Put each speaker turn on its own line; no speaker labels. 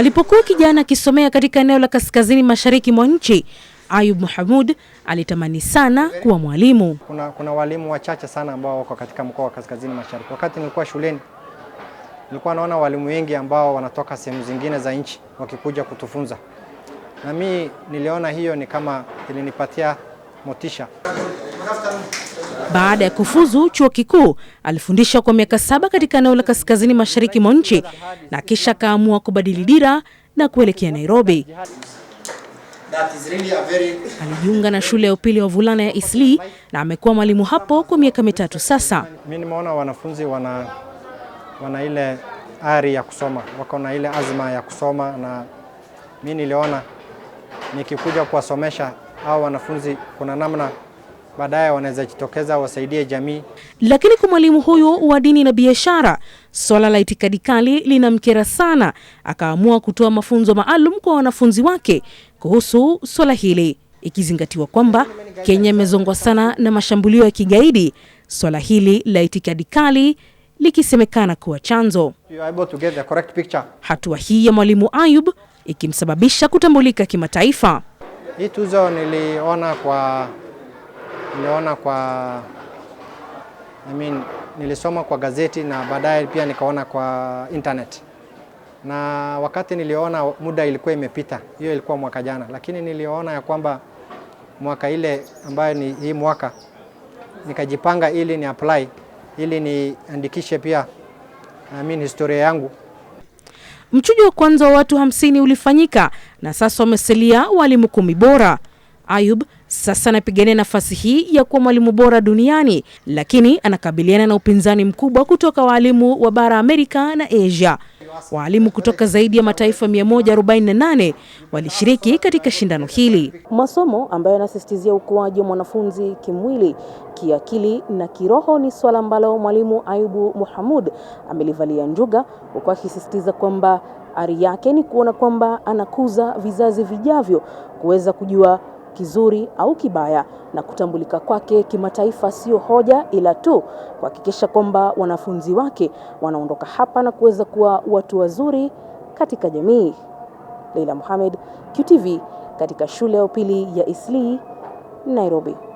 Alipokuwa kijana akisomea katika eneo la kaskazini mashariki mwa nchi, Ayub Mahamud alitamani sana kuwa mwalimu.
Kuna, kuna walimu wachache sana ambao wako katika mkoa wa kaskazini mashariki. Wakati nilikuwa shuleni nilikuwa naona walimu wengi ambao wanatoka sehemu zingine za nchi wakikuja kutufunza, na mimi niliona hiyo ni kama ilinipatia motisha.
Baada ya kufuzu chuo kikuu, alifundisha kwa miaka saba katika eneo la kaskazini mashariki mwa nchi na kisha akaamua kubadili dira na kuelekea Nairobi. Really very... alijiunga na shule ya upili wa vulana ya isli na amekuwa mwalimu hapo kwa miaka mitatu sasa.
Mimi nimeona wanafunzi wana, wana ile ari ya kusoma, wako na ile azma ya kusoma, na mimi niliona nikikuja kuwasomesha hao wanafunzi kuna namna baadaye wanaweza jitokeza wasaidie jamii.
Lakini kwa mwalimu huyu wa dini na biashara, swala la itikadi kali linamkera sana, akaamua kutoa mafunzo maalum kwa wanafunzi wake kuhusu swala hili, ikizingatiwa kwamba Kenya imezongwa sana na mashambulio ya kigaidi, swala hili la itikadi kali likisemekana kuwa chanzo. Hatua hii ya mwalimu Ayub ikimsababisha kutambulika kimataifa.
Hii tuzo niliona kwa niliona kwa I mean, nilisoma kwa gazeti na baadaye pia nikaona kwa internet, na wakati niliona muda ilikuwa imepita, hiyo ilikuwa mwaka jana, lakini niliona ya kwamba mwaka ile ambayo ni hii mwaka nikajipanga ili ni apply ili niandikishe pia I mean, historia yangu.
Mchujo wa kwanza wa watu hamsini ulifanyika na sasa wamesalia walimu kumi bora. Ayub sasa anapigania nafasi hii ya kuwa mwalimu bora duniani, lakini anakabiliana na upinzani mkubwa kutoka waalimu wa bara Amerika na Asia. Waalimu kutoka zaidi ya mataifa 148 walishiriki katika shindano hili.
Masomo ambayo yanasisitizia ukuaji wa mwanafunzi kimwili, kiakili na kiroho ni suala ambalo mwalimu Ayubu Muhamud amelivalia njuga, huku akisisitiza kwamba ari yake ni kuona kwamba anakuza vizazi vijavyo kuweza kujua kizuri au kibaya, na kutambulika kwake kimataifa sio hoja, ila tu kuhakikisha kwamba wanafunzi wake wanaondoka hapa na kuweza kuwa watu wazuri katika jamii. Leila Mohamed, QTV, katika shule ya upili ya Eastleigh, Nairobi.